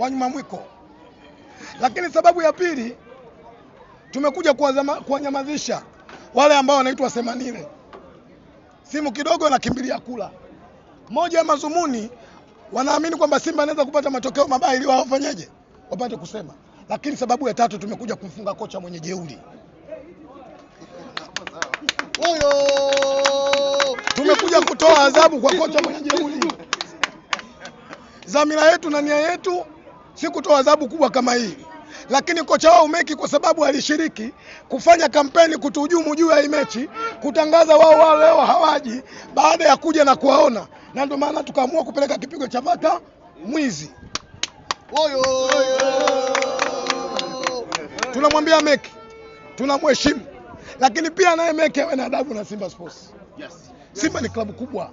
wanyuma mwiko. Lakini sababu ya pili tumekuja kuwanyamazisha wale ambao wanaitwa semanile, simu kidogo anakimbilia kula. Moja ya mazumuni, wanaamini kwamba Simba anaweza kupata matokeo mabaya ili wafanyeje, wapate kusema. Lakini sababu ya tatu tumekuja kumfunga kocha mwenye jeuri huyo. Tumekuja kutoa adhabu kwa kocha mwenye jeuri. Dhamira yetu na nia yetu sikutoa adhabu kubwa kama hii, lakini kocha wao Meki kwa sababu alishiriki kufanya kampeni kutuhujumu juu ya hii mechi, kutangaza wao wao leo hawaji baada ya kuja na kuwaona, na ndio maana tukaamua kupeleka kipigo cha bata mwizi. Oyo, tunamwambia Meki tunamheshimu, lakini pia naye Meki awe na adabu na Simba Sports. Yes. Simba ni klabu kubwa,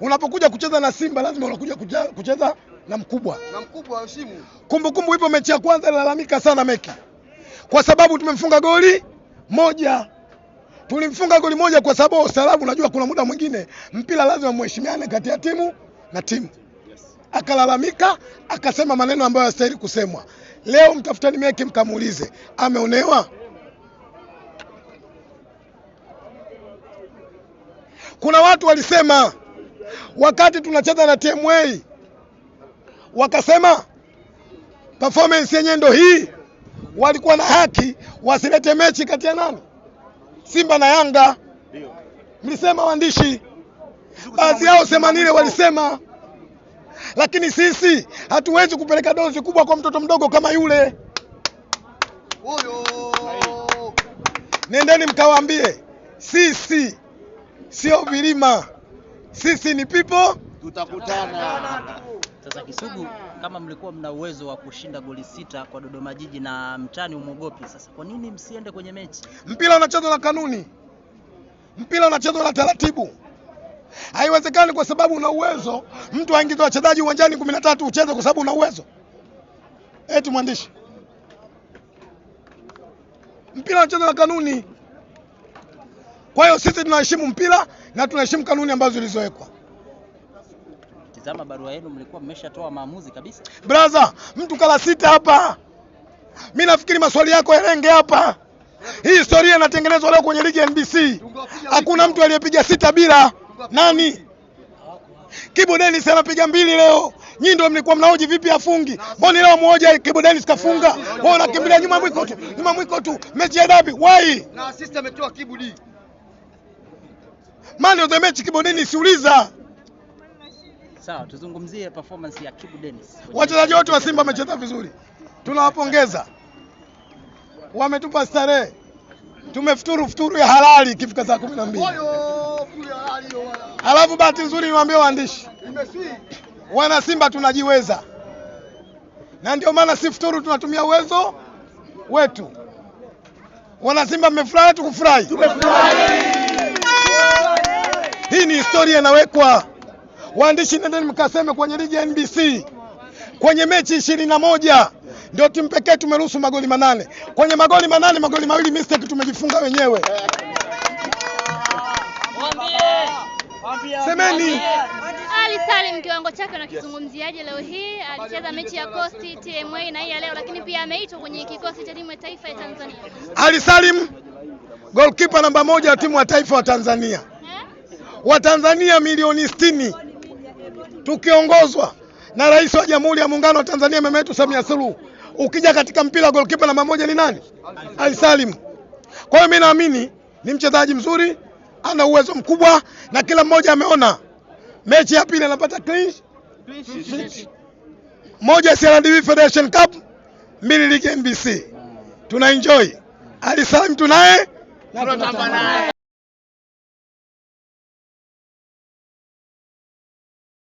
unapokuja kucheza na Simba lazima unakuja kucheza na mkubwa na mkubwa heshima. Kumbukumbu ipo mechi ya kwanza alilalamika sana Meki kwa sababu tumemfunga goli moja tulimfunga goli moja kwa sababu salabu, unajua kuna muda mwingine mpira lazima muheshimiane kati ya timu na timu. Akalalamika akasema maneno ambayo hayastahili kusemwa. Leo mtafutani Meki mkamuulize ameonewa. Kuna watu walisema wakati tunacheza na TMA wakasema performance yenyewe ndo hii, walikuwa na haki wasilete mechi kati ya nani, Simba na Yanga. Mlisema waandishi, baadhi yao semanile walisema, lakini sisi hatuwezi kupeleka dozi kubwa kwa mtoto mdogo kama yule. Nendeni mkawaambie sisi sio vilima, sisi ni pipo, tutakutana. Sasa Kisugu, kama mlikuwa mna uwezo wa kushinda goli sita kwa Dodoma Jiji na mtani umwogopi, sasa kwa nini msiende kwenye mechi? Mpira unachezwa na kanuni, mpira unachezwa na taratibu. Haiwezekani kwa sababu una uwezo mtu aingize wachezaji uwanjani kumi na tatu ucheze kwa sababu una uwezo eti mwandishi. Mpira unachezwa na kanuni, kwa hiyo sisi tunaheshimu mpira na tunaheshimu kanuni ambazo zilizowekwa. Nikitizama barua yenu mlikuwa mmeshatoa maamuzi kabisa. Brother, mtu kala sita hapa. Mimi nafikiri maswali yako yanenge hapa. Hii historia inatengenezwa leo kwenye ligi ya NBC. Hakuna mtu aliyepiga sita bila nani? Kibu Dennis anapiga mbili leo. Nyinyi ndio mlikuwa mnaoji vipi afungi? Mbona leo mmoja Kibu Dennis kafunga? Wao nakimbilia nyuma mwiko tu. Nyuma mwiko tu. Mechi ya dabi. Why? Na assist ametoa Kibu D. Man of the match Kibu Dennis uliza. Sawa, tuzungumzie performance ya Kibu Dennis. Wachezaji wote wa Simba wamecheza vizuri, tunawapongeza, wametupa starehe, tumefuturu futuru ya halali kifika saa kumi na mbili. Alafu bahati nzuri niwaambie waandishi, wana Simba tunajiweza, na ndio maana si futuru, tunatumia uwezo wetu. Wana Simba mmefurahi? Tukufurahi. Hii ni historia inawekwa Waandishi, nendeni mkaseme kwenye ligi ya NBC kwenye mechi ishirini na moja ndio timu pekee tumeruhusu magoli manane. Kwenye magoli manane magoli mawili mistake tumejifunga wenyewe. Semeni Ali Salim kiwango chake unakizungumziaje? Leo hii alicheza mechi ya Coast TMA na hii ya leo, lakini pia ameitwa kwenye kikosi cha timu ya taifa ya Tanzania. Ali Salim goalkeeper namba moja wa timu ya taifa wa Tanzania, eh? wa Tanzania milioni sitini tukiongozwa na Rais wa Jamhuri ya Muungano wa Tanzania mama yetu Samia Suluhu. Ukija katika mpira goalkeeper namba moja ni nani? Ali Salim. Kwa hiyo mimi naamini ni mchezaji mzuri, ana uwezo mkubwa na kila mmoja ameona mechi ya pili anapata clean sheet. Moja CRDB Federation Cup, mbili ligi NBC. Tuna enjoy. Ali Salim tunaye na tunatamba naye.